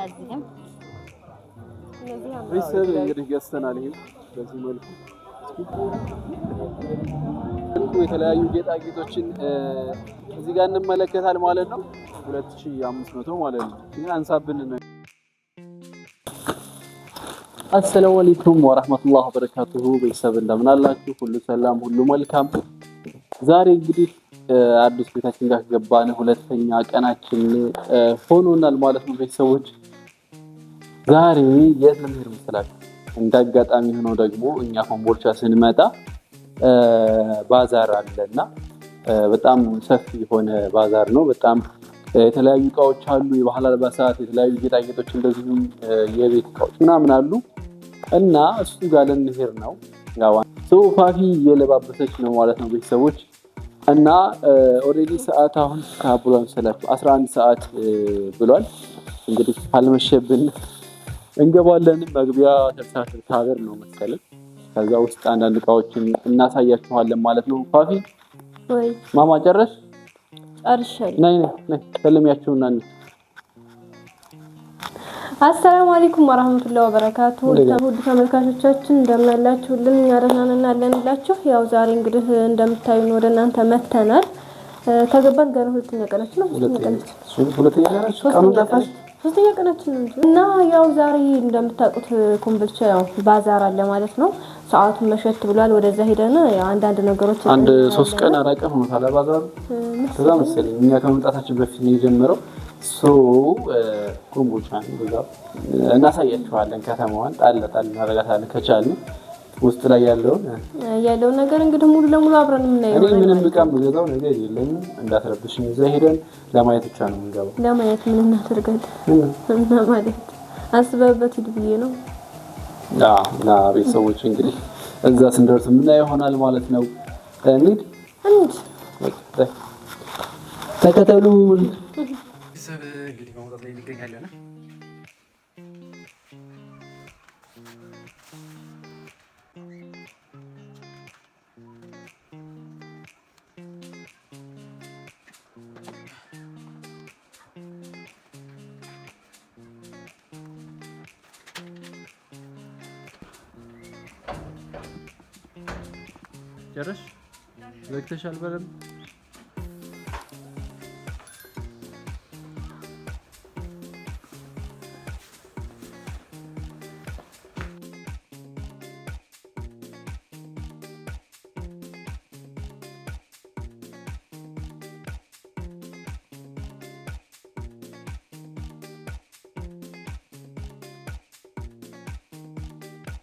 እነዚህም ቤተሰብ እንግዲህ ገዝተናል። ይሄ በዚህ መልኩ የተለያዩ ጌጣጌጦችን እዚህ ጋር እንመለከታል ማለት ነው። 2500 ማለት ነው። አንሳብን ነው። አሰላሙ አለይኩም ወራህመቱላሂ ወበረካቱሁ። ቤተሰብ እንደምን አላችሁ? ሁሉ ሰላም፣ ሁሉ መልካም። ዛሬ እንግዲህ አዲስ ቤታችን ጋር ገባን። ሁለተኛ ቀናችን ሆኖናል ማለት ነው። ቤተሰቦች ዛሬ የት ልንሄድ መስላችሁ? እንደ አጋጣሚ ሆኖ ደግሞ እኛ ኮምቦልቻ ስንመጣ ባዛር አለ እና በጣም ሰፊ የሆነ ባዛር ነው። በጣም የተለያዩ እቃዎች አሉ፣ የባህል አልባሳት፣ የተለያዩ ጌጣጌጦች፣ እንደዚሁም የቤት እቃዎች ምናምን አሉ እና እሱ ጋር ልንሄድ ነው። ሶፋፊ እየለባበሰች ነው ማለት ነው ቤተሰቦች እና ኦልሬዲ ሰዓት አሁን ብሏል መሰላችሁ፣ 11 ሰዓት ብሏል። እንግዲህ ካልመሸብን እንገባለን። መግቢያ ተርሳትር ታበር ነው መሰለኝ። ከዛ ውስጥ አንዳንድ እቃዎችን እናሳያችኋለን ማለት ነው። ፋፊ ማማ ጨረሽ? ጨርሻለሁ። ነይ ነይ ነይ ሰለሚያችሁና አሰላሙ አለይኩም ወራህመቱላሂ ወበረካቱ። ውድ ተመልካቾቻችን እንደምን አላችሁልን? እኛ ደህና ነን አለንላችሁ። ያው ዛሬ እንግዲህ እንደምታዩን ወደ እናንተ መተናል። ከገባን ገና ሁለተኛ ቀናችን ነው። ሁለተኛ ቀናችን ነው እና ያው ዛሬ እንደምታውቁት ኮምቦልቻ ያው ባዛር አለ ማለት ነው። ሰዓቱን መሸት ብሏል። ወደዛ ሄደን አንዳንድ ነገሮች አንድ ሶስት ቀን አራት ሆኖታል ባዛሩ። ከዛ መሰለኝ እኛ ከመምጣታችን በፊት ነው የጀመረው ኮምቦቻን እናሳያችኋለን። ከተማዋን ጣል ጣል እናደርጋታለን ከቻልን ውስጥ ላይ ያለውን ያለውን ነገር እንግዲህ ሙሉ ለሙሉ አብረን የምናየው። እኔ ምንም ዕቃ የምገዛው ነገር የለኝም፣ እንዳትረብሽኝ። እዛ ሄደን ለማየት ብቻ ነው የምንገባው። ለማየት ምን እናደርጋለን እና ማለት አስበህበት ሂድ ብዬ ነው። እና ቤተሰቦች እንግዲህ እዛ ስንደርስ የምናየው ይሆናል ማለት ነው። እንሂድ፣ ተከተሉን። Sevgili Limon Oda'da birlikte geldi Yarış. Bekleş alberim.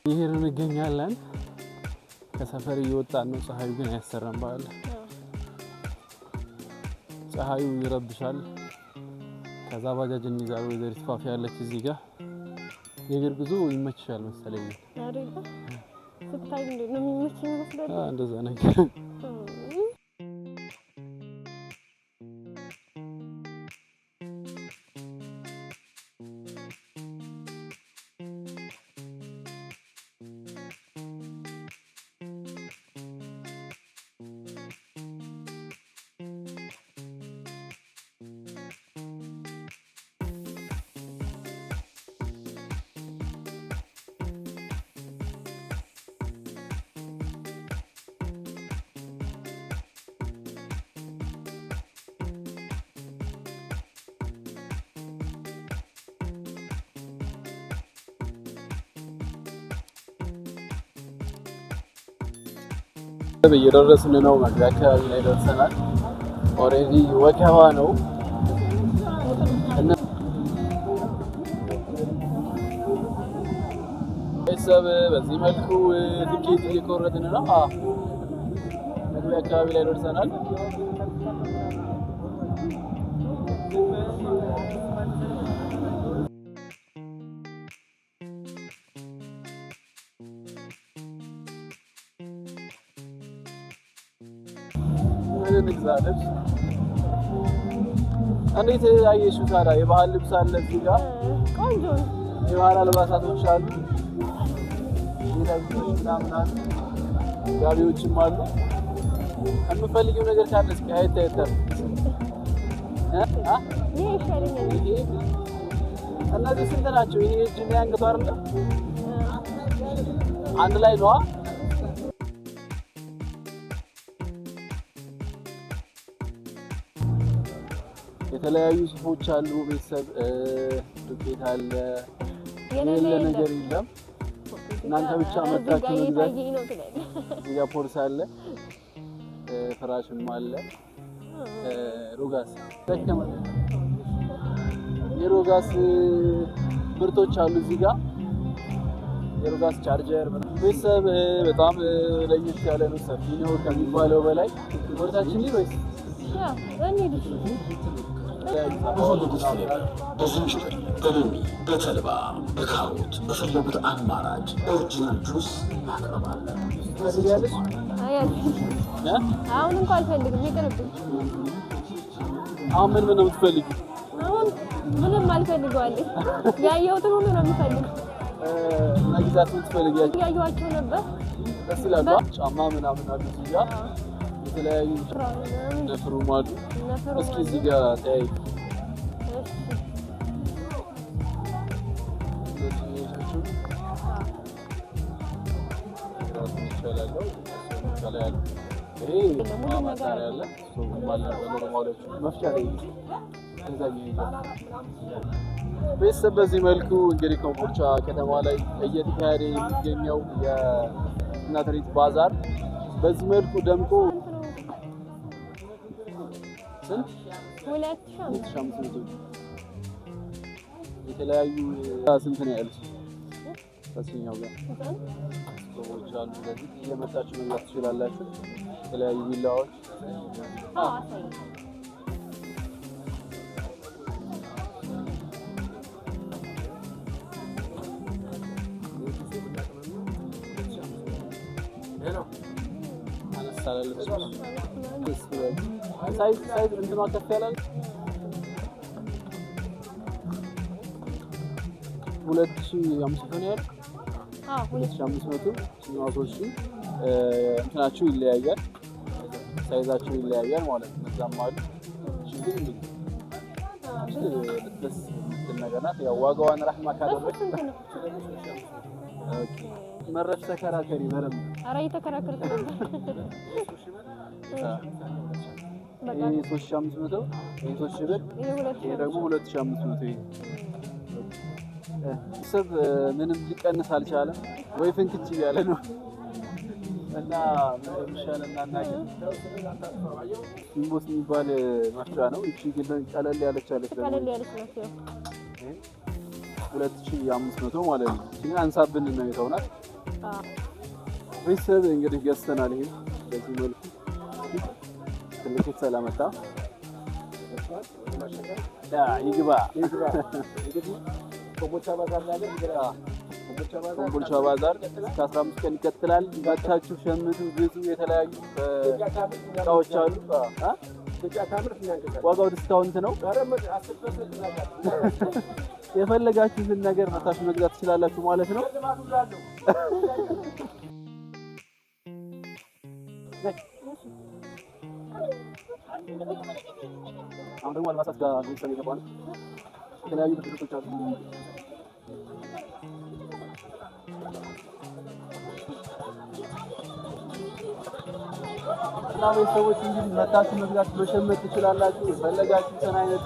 ይሄን እንገኛለን። ከሰፈር እየወጣን ነው። ፀሐዩ ግን አያሰራም። ባለ ፀሐዩ ይረብሻል። ከዛ ባጃጅ እንይዛል። ወይዘሪት ፋፊ ያለች እዚህ ጋር የእግር ጉዞ ይመችሻል መሰለኝ። እንደዛ ነገር እየደረስን ነው። መግቢያ አካባቢ ላይ ደርሰናል። ኦልሬዲ ወከባ ነው። ቤተሰብ በዚህ መልኩ ትኬት እየቆረጥን ነው። መግቢያ አካባቢ ላይ ደርሰናል። እንዴት አየሽው ታዲያ? የባህል ልብስ አለ እዚህ ጋር ቆንጆ የባህል አልባሳቶች አሉ፣ ጌጣጌጦች ጋቢዎችም አሉ። የምፈልጊው ነገር ካለ እስኪ አየት አየት እነዚህ ስንት ናቸው? ይሄ እጅ አንድ ላይ ነዋ የተለያዩ ጽሁፎች አሉ። ቤተሰብ ዱቄት አለ። የሌለ ነገር የለም። እናንተ ብቻ መጣችሁ መግዛት። እዚጋ ፖርስ አለ፣ ፍራሽም አለ። ሮጋስ ደከመ። የሮጋስ ምርቶች አሉ እዚህ ጋር የሮጋስ ቻርጀር ቤተሰብ በጣም ለየት ያለ ነው። ሰፊ ነው ከሚባለው በላይ ወርታችን ወይስ በዝንጅብል፣ በሎሚ፣ በተልባ፣ በካሮት በፈለጉት አማራጭ ኦሪጂናል ጁስ እናቀርባለን። አሁን እንኳ አልፈልግም፣ ይቅርብኝ። አሁን ምን ምን ነው ምንም አልፈልገዋለሁ። ያየሁትን ሁሉ ነው የምፈልግ። ያየኋቸው ነበር። ጫማ ምናምን የተለያዩ እንደ አሉ። እስኪ እዚህ ጋር ተያዩ። ቤተሰብ በዚህ መልኩ እንግዲህ ኮምቦልቻ ከተማ ላይ እየተካሄደ የሚገኘው የእናትሪት ባዛር በዚህ መልኩ ደምቆ የተለያዩ ስንት ነው ያሉት? ከስኛው ጋር ሰዎች አሉ። ስለዚህ እየመጣችሁ መግዛት ትችላላችሁ። የተለያዩ ቪላዎች ሁለት ሺህ አምስት መቶ ነው ያልክ? ሁለት ሺህ አምስት መቶ እንትናችሁ ይለያያል፣ ሳይዛችሁ ይለያያል ማለት ነው። እዛም አሉ ደስ ነገር ናት። ያው ዋጋዋን ራህማ ካደረግ መረሽ ተከራከሪ። በረም ኧረ እየተከራከርኩ ይሄ ሺህ አምስት መቶ ይሄ ሦስት ሺህ ብር ይሄ ደግሞ ሁለት ሺህ አምስት መቶ ይሄ ሰብ ምንም ሊቀንስ አልቻለም ወይ ፍንክች እያለ ነው። እና ሲምቦስ የሚባል መፍጫ ነው። እቺ ግን ቀለል ያለች አለች ቀለል ያለች ሁለት ሺህ አምስት መቶ ማለት ነው። አንሳብን ነው የተውናት ቤተሰብ እንግዲህ ገዝተናል። ይሄን በዚህ መልኩ ትልቅ ሰላመጣ ይግባ ኮምቦልቻ ባዛር እስከ 15 ቀን ይቀጥላል። ባታችሁ ሸምዱ፣ ግዙ። የተለያዩ እቃዎች አሉ። ዋጋው ዲስካውንት ነው። የፈለጋችሁትን ነገር መታችሁ መግዛት ትችላላችሁ ማለት ነው። አሁን ደግሞ አልባሳት ጋር ይገባል። የተለያዩ አሉ። እና ቤተሰቦች እንግዲህ መታችሁ መግዛት መሸመት ትችላላችሁ። የፈለጋችሁትን አይነት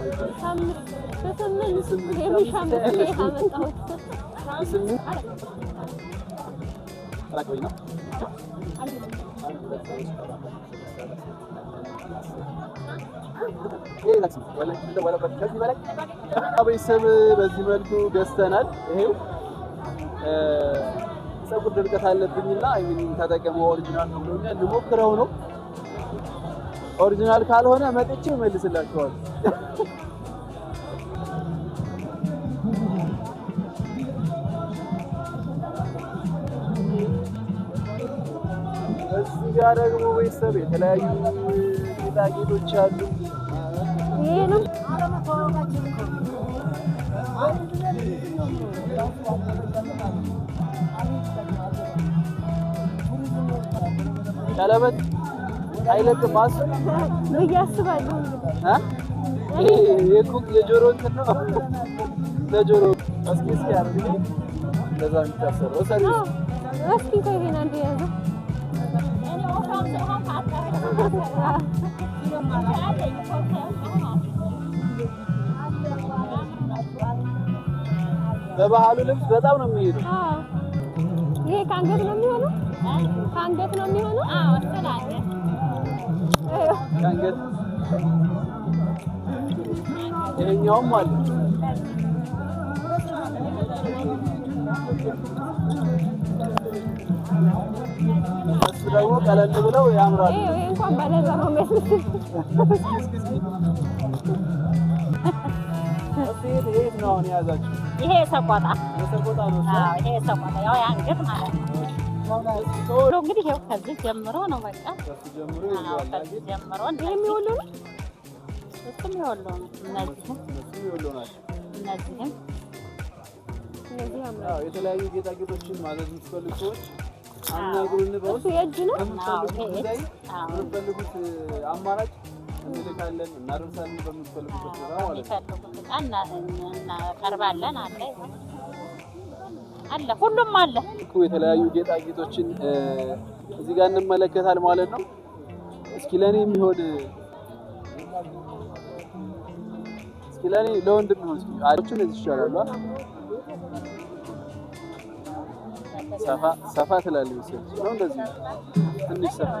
ስም በዚህ መልኩ ገዝተናል። ይሄው ፀጉር ድርቀት አለብኝና ተጠቀመው ኦሪጂናል ነው ልሞክረው ነው። ኦሪጂናል ካልሆነ መጥቼ እመልስላችኋለሁ። እዚህ ጋር ደግሞ ቤተሰብ የተለያዩ ጌጣጌጦች አሉ። ቀለበት አይለቅም ብዬ አስባለሁ። የጆሮ እንትን ነው ለጆሮ እስኪ እስኪ አድርጊ። ለዛ የሚታሰረው ሰሪ እስኪ ከይሄን አንድ ያዘ በባህሉ ልብስ በጣም ነው የሚሄደው። ይሄ ከአንገት ነው የሚሆነው፣ ከአንገት ነው የሚሆነው። ከአንገት ይሄኛውም አለ። እሱ ደግሞ ቀለል ብለው ያምራሉ። እንኳን ባለዛ ነው ይሄ ሰቆጣ ይሄ ሰቆጣ ያው የአንገት ማለት ነው። እንግዲህ ከዚህ ጀምሮ ነው በቃ ከዚህ ጀምሮ ነው የሚውሉ እሱም የወለው ነው። እነዚህም የተለያዩ ጌጣጌጦችን ማለት የምትፈልጉ ሰዎች አናግሩን። በውስጥ የምትፈልጉት አማራጭ እንልካለን፣ እናደርሳለን። በምትፈልጉበት ቦታ ማለት ነው እናቀርባለን። አለ አለ ሁሉም አለ። የተለያዩ ጌጣጌጦችን እዚህ ጋር እንመለከታል ማለት ነው። እስኪ ለእኔ የሚሆን እስኪ ለእኔ ለወንድም ነው። እስኪ አሪፍ እዚህ ይሻላል። ሰፋ ሰፋ ትላለህ መሰለኝ ነው እንደዚህ ትንሽ ሰፋ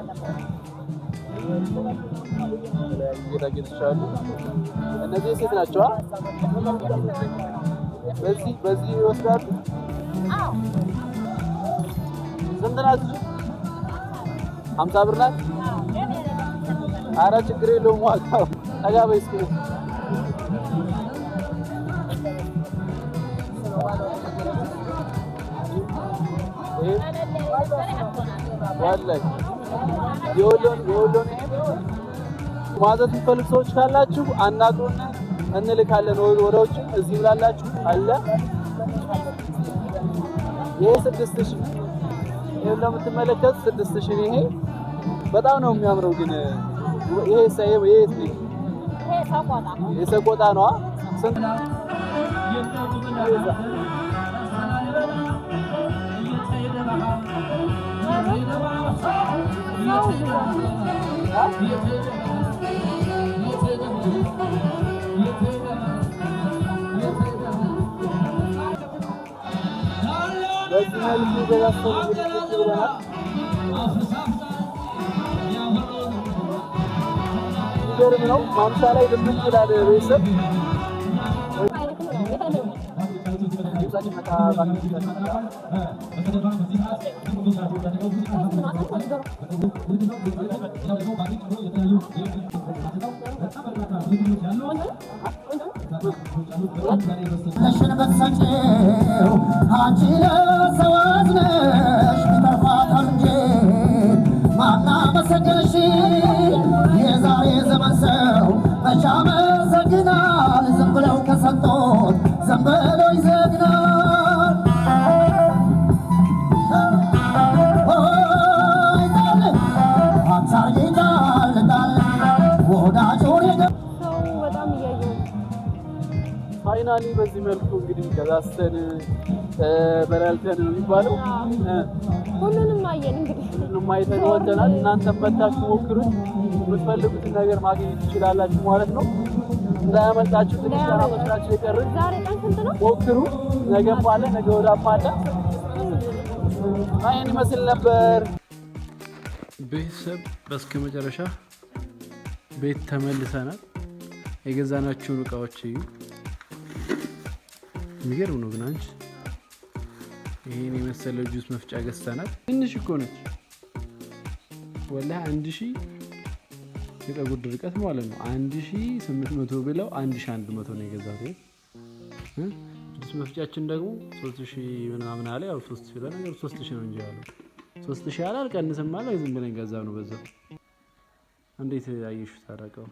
ጌጣጌጥ ይሻላሉ። እነዚህ ሴት ናቸው። በዚህ በዚህ ይወስዳሉ። ስንት ናት? ሀምሳ ብር ናት። አረ ችግር የለውም። ዋካው ጠጋ በይ እስኪ ዋላይ የወሎን የወሎን ማዘዝ የሚፈልግ ሰዎች ካላችሁ አናግሩን፣ እንልካለን። ወደ ውጭ እዚህም ላላችሁ አለ ይሄ ስድስት ሺህ ይሄ እንደምትመለከት ስድስት ሺህ ይሄ በጣም ነው የሚያምረው ግን ይሄ ሳይ ወይ ይሄ ሰቆጣ ይሄ ሰቆጣ ነው። ስንት በዚህ መልኩ ገዛሰሉ ብለናል። የሚገርም ነው። ማምሻ ላይ ድብቅ ይላል ቤተሰብ ሽንበት ሰጪው ለምሳሌ በዚህ መልኩ እንግዲህ ገዛስተን በላልተን ነው የሚባለው። ሁሉንም አየን እንግዲህ ሁሉንም አይተን ወደናል። እናንተም መታችሁ ሞክሩት፣ የምትፈልጉትን ነገር ማግኘት ትችላላችሁ ማለት ነው። እንዳያመልጣችሁ። ትንሽ ቀናቶቻችሁ የቀሩት ሞክሩ። ነገም አለ፣ ነገ ወዲያም አለ። ይህን ይመስል ነበር ቤተሰብ። በስከ መጨረሻ ቤት ተመልሰናል። የገዛናችሁን እቃዎች እዩ። የሚገርም ነው ግን አንቺ ይህን የመሰለው ጁስ መፍጫ ገዝተናል። ትንሽ እኮ ነች ወላ አንድ ሺ የጠጉድ ድርቀት ማለት ነው። አንድ ሺ ስምንት መቶ ብለው አንድ ሺ አንድ መቶ ነው የገዛት። ጁስ መፍጫችን ደግሞ ሶስት ሺ ምናምን አለ። ያው ሶስት ሺ ለነገር ሶስት ሺ ነው እንጂ ያለው ሶስት ሺ አለ ቀንስም አለ። ዝም ብለን ገዛ ነው በዛ። እንዴት አየሹ ታረቀው